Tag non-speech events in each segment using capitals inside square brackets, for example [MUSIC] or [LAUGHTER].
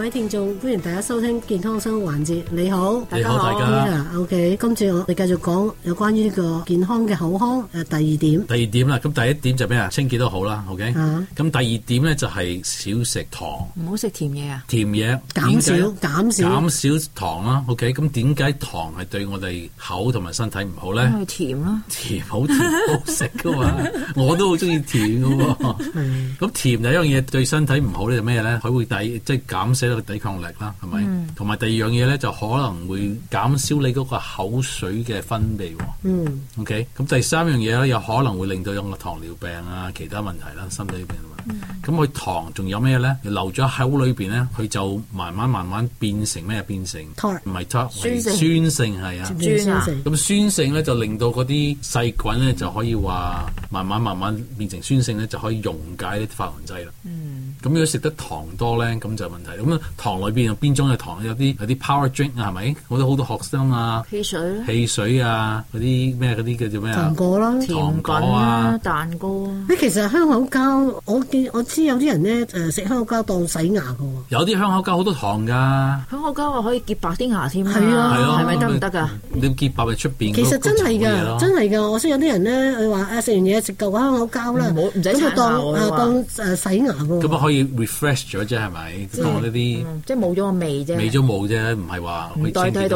各位聽眾，歡迎大家收聽健康生活環節。你好，大家好。O、okay, K，今次我哋繼續講有關於呢個健康嘅口腔。誒，第二點，第二點啦。咁第一點就咩、okay? 啊？清潔都好啦。O K，咁第二點咧就係少食糖。唔好食甜嘢啊！甜嘢減少，減少，減少糖啦、啊。O K，咁點解糖係對我哋口同埋身體唔好咧？因為甜啦、啊，甜好甜，好食 [LAUGHS] 噶嘛。我都好中意甜噶喎。咁、嗯、甜就一樣嘢，對身體唔好咧，就咩咧？佢會抵，即係減少。一個抵抗力啦，係咪？同、嗯、埋第二樣嘢咧，就可能會減少你嗰個口水嘅分泌。嗯。OK，咁第三樣嘢咧，又可能會令到有個糖尿病啊，其他問題啦、啊，心理邊嘅問題。咁佢糖仲有咩咧？留咗口裏邊咧，佢就慢慢慢慢變成咩？變成？糖？唔係糖，酸性。酸性係啊。酸性。咁、啊、酸性咧，就令到嗰啲細菌咧，就可以話慢慢慢慢變成酸性咧，就可以溶解啲琺瑯質啦。嗯。咁、嗯、如果食得糖多咧，咁就問題。咁、嗯、啊，糖裏邊有邊種嘅糖？有啲有啲 power drink 啊，係咪？好多好多學生啊，汽水、啊、汽水啊，嗰啲咩嗰啲叫做咩啊？糖果啦，糖果、啊，甜品啊，蛋糕。你其實香口膠，我見，我知道有啲人咧，食香口膠當洗牙嘅喎。有啲香口膠好多糖㗎。香口膠可以潔白啲牙添。係啊，係咪得唔得㗎？你潔白係出邊？其實真係㗎，真係㗎。我識有啲人咧，佢話食完嘢食，嚿香口膠啦，咁、嗯、就當啊當啊洗牙喎。啊，可以。可以 refresh 咗啫，係咪？即係我啲即係冇咗個味啫。味都冇啫，唔係話去清潔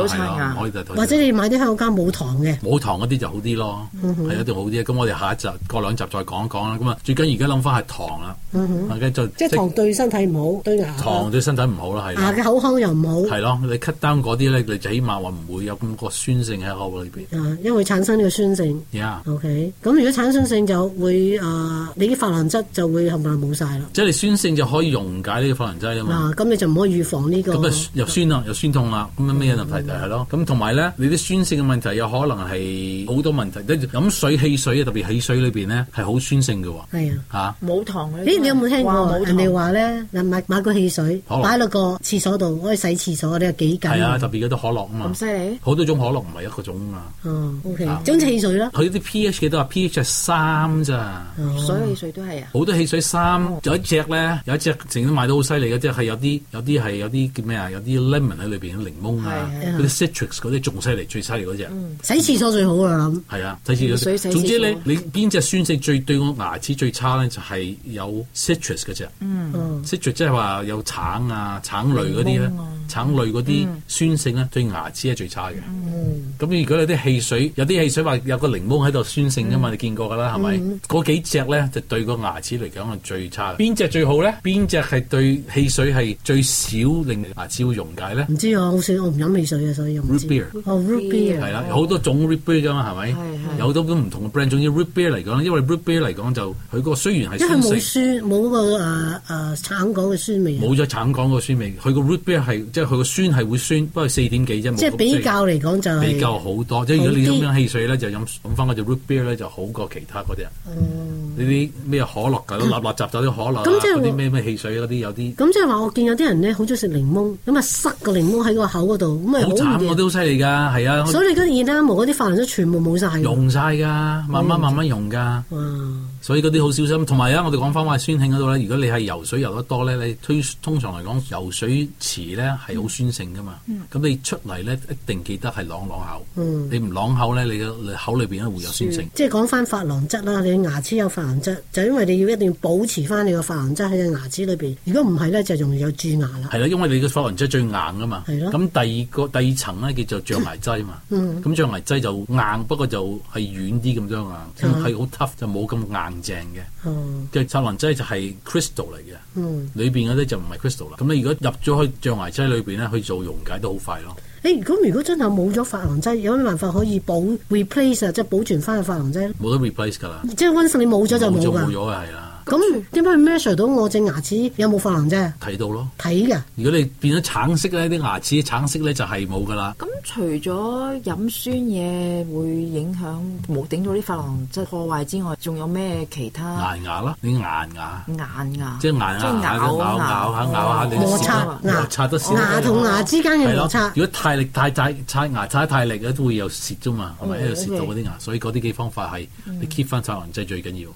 到。或者你買啲香口膠冇糖嘅，冇糖嗰啲就好啲咯，係、嗯、一定好啲。咁我哋下一集過兩集再講一講啦。咁啊，最緊而家諗翻係糖啦、嗯，即係糖對身體唔好，對、嗯、牙糖對身體唔好啦，係牙嘅口腔又唔好。係咯，你 cut down 嗰啲咧，你就起碼話唔會有咁個酸性喺口裏邊。Yeah, 因為產生呢個酸性。Yeah. OK，咁如果產生性就會啊，你啲琺瑯質就會係咪冇晒啦？即係酸。正就可以溶解呢個化學劑啊嘛。嗱、啊，咁你就唔可以預防呢、呢個。咁啊，啊，又酸啦、啊，又酸痛啦，咁樣咩嘢問題係、啊、咯？咁同埋咧，你啲酸性嘅問題有可能係好多問題。飲水汽水，水，啊，啊，啊，有有水啊，特別汽水裏邊咧係好酸性嘅喎。係啊，嚇冇糖咧。你有冇聽過人哋話咧？嗱，買買個汽水擺落個廁所度，可以洗廁所咧，幾緊？係啊，特別嗰啲可樂啊嘛。咁犀利？好多種可樂唔係一個種啊。哦，OK，種汽、啊、水啦。佢啲 pH 幾多 pH 啊？pH 三咋？水汽水都係啊。好多汽水三、嗯，有一隻咧。有一隻成日都賣得好犀利嗰隻係有啲，有啲係，有啲叫咩啊？有啲 lemon 喺裏邊，檸檬啊，嗰啲、啊、citrus 嗰啲，仲犀利，最犀利嗰隻。洗廁所最好我諗。係啊，洗廁所。總之咧、嗯，你邊隻酸性最對我牙齒最差咧，就係、是、有 citrus 嗰隻。嗯、citrus 即係話有橙啊、橙類嗰啲咧。橙類嗰啲酸性咧，對牙齒係最差嘅。咁、嗯、如果你啲汽水，有啲汽水話有個檸檬喺度酸性㗎嘛、嗯，你見過㗎啦，係咪？嗰、嗯、幾隻咧就對個牙齒嚟講係最差。邊隻最好咧？邊隻係對汽水係最少令牙齒會溶解咧？唔知啊，好少。我唔飲汽水啊，所以唔知。Root beer，哦、oh, 係啦，好多種 Root beer 㗎嘛，係咪？有好多唔同嘅 brand，仲要 Root beer 嚟講，因為 Root beer 嚟講就佢個雖然係因為冇酸冇、嗰個、啊啊、橙果嘅酸味，冇咗橙果個酸味，佢個 Root beer 係。即係佢個酸係會酸，不過四點幾啫嘛。即係比較嚟講就比較好多。即係如果你飲緊汽水咧，就飲飲翻嗰隻 root beer 咧，就好過其他嗰啲啊。嗯呢啲咩可樂㗎，垃垃雜雜啲可樂啊，啲咩咩汽水嗰、啊、啲有啲。咁即係話我見有啲人咧，好中意食檸檬，咁啊塞個檸檬喺個口嗰度，咁啊好慘，嗰啲好犀利㗎，係啊。所以你嗰啲牙毛嗰啲琺瑯質全部冇晒用晒㗎，慢慢慢慢用㗎、嗯。所以嗰啲好小心，同埋啊，我哋講翻話酸性嗰度咧，如果你係游水游得多咧，你推通常嚟講，游水池咧係好酸性㗎嘛。咁、嗯、你出嚟咧，一定記得係啷啷口。你唔啷口咧，你嘅口裏邊咧會有酸性。嗯、即係講翻琺瑯質啦，你牙齒有質就因為你要一定要保持翻你個珐琅質喺個牙齒裏邊，如果唔係咧就容易有蛀牙啦。係啦，因為你個珐琅質最硬噶嘛。係咯。咁第二個第二層咧叫做象牙劑嘛。咁、 [LAUGHS] 嗯、象牙劑就硬，不過就係軟啲咁樣啊，係、嗯、好 tough 就冇咁硬淨嘅。哦、嗯。其實珐琅質就係 crystal 嚟嘅。嗯。裏邊嗰啲就唔係 crystal 啦。咁你如果入咗去象牙劑裏邊咧，去做溶解都好快咯。你如果如果真係冇咗琺瑯質，有咩辦法可以保 replace 啊？即係保存翻個琺瑯質，冇得 replace 㗎啦。即係温順，你冇咗就冇冇咗㗎。咁點解佢 measure 到我隻牙齒有冇琺瑯質？睇到咯，睇嘅。如果你變咗橙色咧，啲牙齒橙色咧就係冇噶啦。咁除咗飲酸嘢會影響冇頂到啲琺瑯質破壞之外，仲有咩其他？牙牙啦，啲牙牙，牙牙，即眼牙牙咬咬咬下咬下，咬下咬下哦、咬下你刷牙，摩擦都少牙同牙之間嘅摩擦。如果太力太大，刷牙刷太力咧，都會有蝕啫嘛，係咪？又蝕到嗰啲牙。所以嗰啲嘅方法係你 keep 翻刷牙劑最緊要。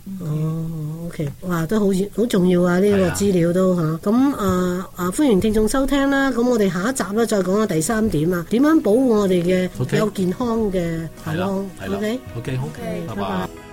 O、okay. K，哇，都好好重要啊！呢、呢個資料都嚇。咁啊啊、呃，歡迎聽眾收聽啦。咁我哋下一集咧，再講下第三點啊，點樣保護我哋嘅有健康嘅健康？O K，O K，o 好，拜拜。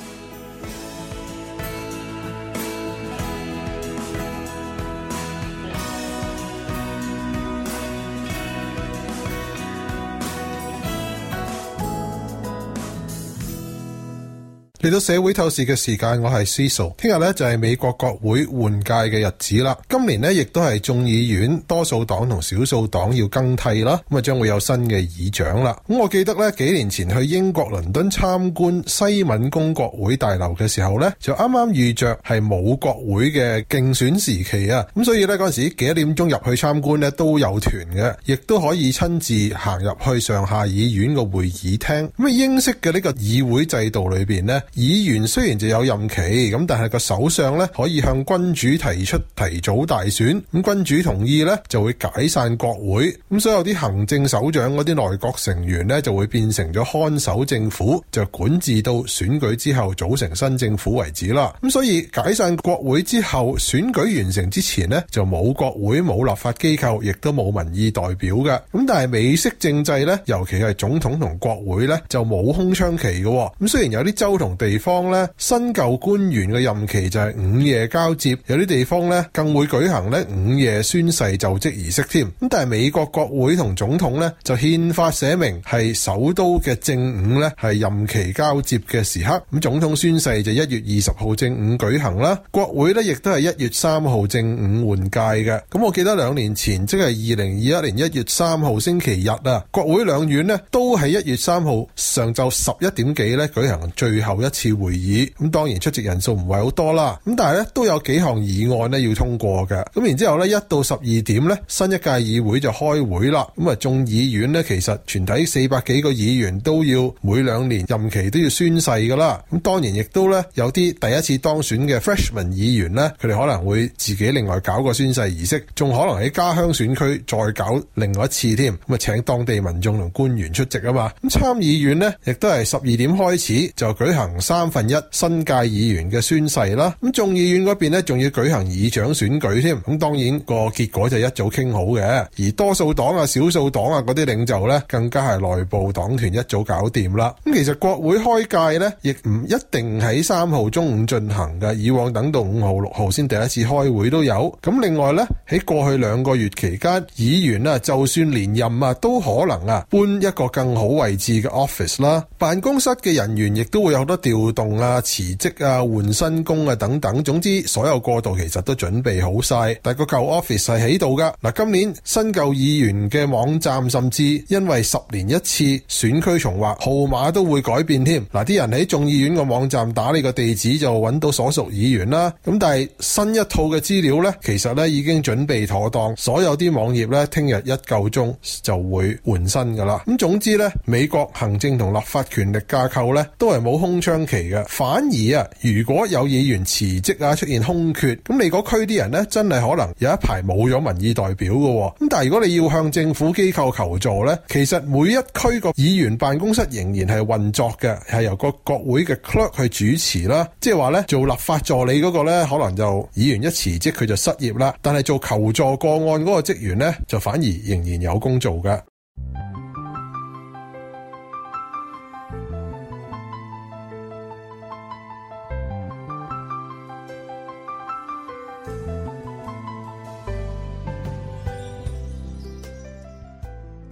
嚟到社會透視嘅時間，我係思素。聽日咧就係、是、美國國會換屆嘅日子啦。今年咧亦都係眾議院多數黨同少數黨要更替啦，咁啊將會有新嘅議長啦。咁我記得咧幾年前去英國倫敦參觀西敏宮國會大樓嘅時候咧，就啱啱遇着係冇國會嘅競選時期啊。咁所以咧嗰陣時幾多點鐘入去參觀咧都有團嘅，亦都可以親自行入去上下議院個會議廳。咁啊英式嘅呢個議會制度裏邊咧。議員雖然就有任期，咁但係個首相咧可以向君主提出提早大選，咁君主同意咧就會解散國會，咁所有啲行政首長嗰啲內閣成員咧就會變成咗看守政府，就管治到選舉之後組成新政府為止啦。咁所以解散國會之後選舉完成之前咧就冇國會冇立法機構，亦都冇民意代表嘅。咁但係美式政制咧，尤其係總統同國會咧就冇空窗期嘅。咁雖然有啲州同。地方咧新舊官員嘅任期就係午夜交接，有啲地方咧更會舉行咧午夜宣誓就職儀式添。咁但係美國國會同總統咧就憲法寫明係首都嘅正午咧係任期交接嘅時刻，咁總統宣誓就一月二十號正午舉行啦。國會咧亦都係一月三號正午換屆嘅。咁我記得兩年前即係二零二一年一月三號星期日啊，國會兩院呢，都喺一月三號上晝十一點幾咧舉行最後一次，次會議，咁當然出席人數唔係好多啦，咁但係咧都有幾項議案呢要通過嘅，咁然之後呢，一到十二點呢，新一屆議會就開會啦，咁啊眾議院呢，其實全體四百幾個議員都要每兩年任期都要宣誓噶啦，咁當然亦都呢有啲第一次當選嘅 freshman 議員呢，佢哋可能會自己另外搞個宣誓儀式，仲可能喺家鄉選區再搞另外一次添，咁啊請當地民眾同官員出席啊嘛，咁參議院呢，亦都係十二點開始就舉行。三分一新界議員嘅宣誓啦，咁眾議院嗰邊咧仲要舉行議長選舉添，咁當然個結果就一早傾好嘅，而多數黨啊、少數黨啊嗰啲領袖咧，更加係內部黨團一早搞掂啦。咁其實國會開屆咧，亦唔一定喺三號中午進行嘅，以往等到五號、六號先第一次開會都有。咁另外咧，喺過去兩個月期間，議員啊就算連任啊，都可能啊搬一個更好位置嘅 office 啦，辦公室嘅人員亦都會有得調動啊、辭職啊、換新工啊等等，總之所有過渡其實都準備好晒。但係個舊 office 係喺度噶。嗱，今年新舊議員嘅網站，甚至因為十年一次選區重劃，號碼都會改變添。嗱，啲人喺眾議院嘅網站打呢個地址就搵到所屬議員啦。咁但係新一套嘅資料呢，其實呢已經準備妥當，所有啲網頁呢，聽日一夠鐘就會換新噶啦。咁總之呢，美國行政同立法權力架構呢，都係冇空窗分反而啊，如果有議員辭職啊，出現空缺，咁你嗰區啲人呢，真係可能有一排冇咗民意代表噶。咁但係如果你要向政府機構求助呢，其實每一區個議員辦公室仍然係運作嘅，係由個國會嘅 clerk 去主持啦。即係話呢，做立法助理嗰個呢，可能就議員一辭職佢就失業啦。但係做求助個案嗰個職員呢，就反而仍然有工做嘅。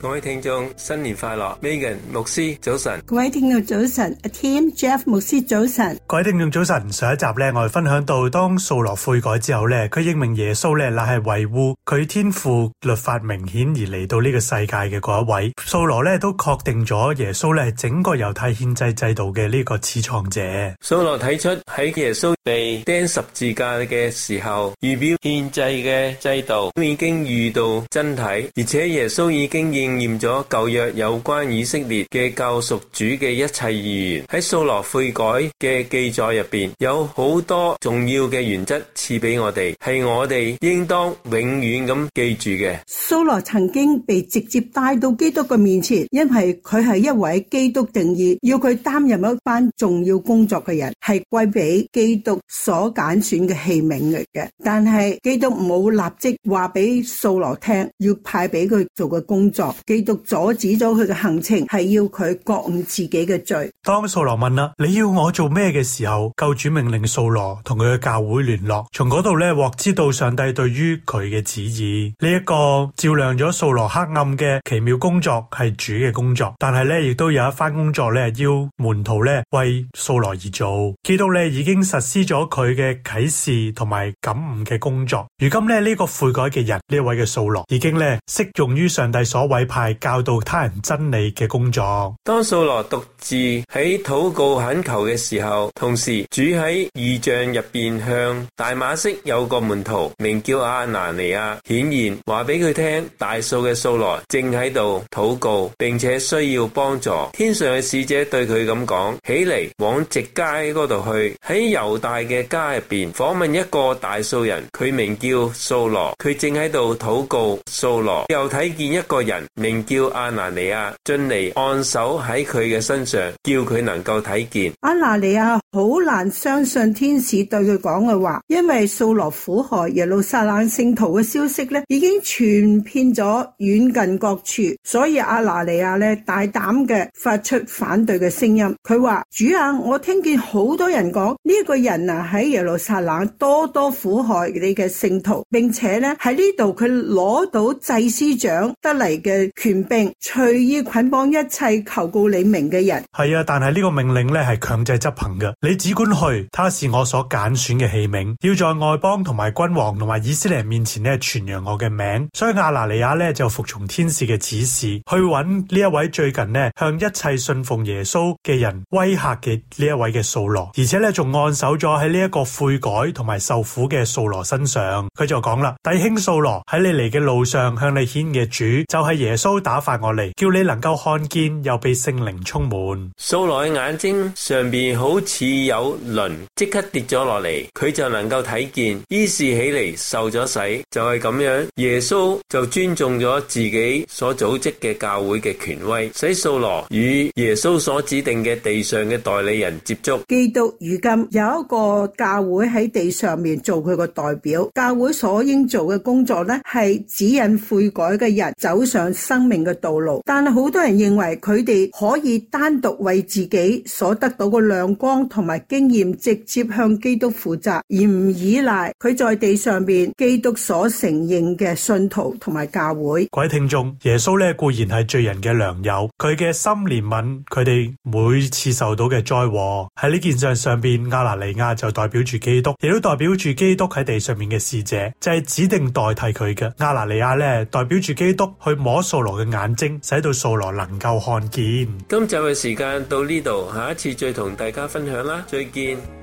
各位聽眾新年快樂，Megan 牧師早晨，各位聽眾早晨，Ateam Jeff 牧師早晨，各位聽眾早晨。上一集咧，我哋分享到，當掃羅悔改之後咧，佢認明耶穌咧，乃係維護佢天父律法明顯而嚟到呢個世界嘅嗰一位。掃羅咧都確定咗耶穌咧係整個猶太憲制制度嘅呢個始創者。掃羅睇出喺耶穌被釘十字架嘅時候，預表憲制嘅制度已經遇到真體，而且耶穌已經應。驗咗舊約有關以色列嘅救贖主嘅一切意願，喺掃羅悔改嘅記載入邊，有好多重要嘅原則賜俾我哋，係我哋應當永遠咁記住嘅。掃羅曾經被直接帶到基督嘅面前，因為佢係一位基督定義要佢擔任一班重要工作嘅人，係歸俾基督所揀選嘅器皿嚟嘅。但係基督冇立即話俾掃羅聽，要派俾佢做嘅工作。基督阻止咗佢嘅行程，係要佢覺悟自己嘅罪。當掃羅問啦，你要我做咩嘅時候，救主命令掃羅同佢嘅教會聯絡，從嗰度咧獲知道上帝對於佢嘅旨意。呢、這、一個照亮咗掃羅黑暗嘅奇妙工作係主嘅工作，但係咧亦都有一番工作咧要門徒咧為掃羅而做。基督咧已經實施咗佢嘅啟示同埋感悟嘅工作。如今咧呢、這個悔改嘅人呢，一位嘅掃羅已經咧適用於上帝所委派係教導他人真理嘅工作。當掃羅獨自喺禱告懇求嘅時候，同時主喺異象入邊向大馬色有個門徒，名叫亞拿尼亞，顯現話俾佢聽：大數嘅掃羅正喺度禱告，並且需要幫助。天上嘅使者對佢咁講：起嚟往直街嗰度去，喺猶大嘅家入邊訪問一個大數人，佢名叫掃羅，佢正喺度禱告。掃羅又睇見一個人。名叫亞拿尼亞進嚟，按手喺佢嘅身上，叫佢能夠睇見。亞拿尼亞好難相信天使對佢講嘅話，因為掃羅苦害耶路撒冷聖徒嘅消息呢已經傳遍咗遠近各處，所以亞拿尼亞咧大膽嘅發出反對嘅聲音。佢話：主啊，我聽見好多人講呢一個人啊喺耶路撒冷多多苦害你嘅聖徒，並且呢喺呢度佢攞到祭司長得嚟嘅。權柄隨意捆綁一切求告你名嘅人，係啊，但係呢個命令呢係強制執行嘅，你只管去，他是我所揀選嘅器皿，要在外邦同埋君王同埋以色列人面前呢傳揚我嘅名，所以亞拿尼亞呢就服從天使嘅指示，去揾呢一位最近呢向一切信奉耶穌嘅人威嚇嘅呢一位嘅掃羅，而且呢，仲按手咗喺呢一個悔改同埋受苦嘅掃羅身上，佢就講啦，弟兄掃羅，喺你嚟嘅路上向你顯嘅主就係、是、耶。耶穌打發我嚟，叫你能夠看見，又被聖靈充滿。掃羅嘅眼睛上邊好似有鱗，即刻跌咗落嚟，佢就能夠睇見。於是起嚟受咗洗，就係咁樣。耶穌就尊重咗自己所組織嘅教會嘅權威，使掃羅與耶穌所指定嘅地上嘅代理人接觸。基督如今有一個教會喺地上面做佢個代表，教會所應做嘅工作呢，係指引悔改嘅人走上生命嘅道路，但係好多人認為佢哋可以單獨為自己所得到嘅亮光同埋經驗直接向基督負責，而唔依賴佢在地上邊基督所承認嘅信徒同埋教會。各位聽眾，耶穌咧固然係罪人嘅良友，佢嘅心憐憫佢哋每次受到嘅災禍。喺呢件事上上邊，亞拿尼亞就代表住基督，亦都代表住基督喺地上面嘅使者，就係指定代替佢嘅亞拿尼亞咧，代表住基督去摸。掃羅嘅眼睛，使到掃羅能夠看見。今集嘅時間到呢度，下一次再同大家分享啦，再見。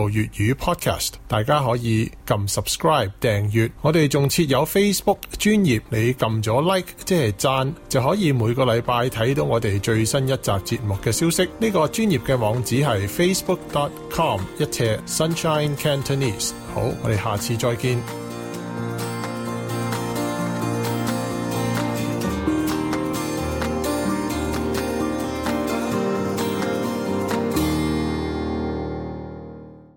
做粵語 podcast，大家可以撳 subscribe 訂閱。我哋仲設有 Facebook 專頁，你撳咗 like 即係讚，就可以每個禮拜睇到我哋最新一集節目嘅消息。呢個專頁嘅網址係 facebook dot com 一斜 Sunshine Cantonese。好，我哋下次再見。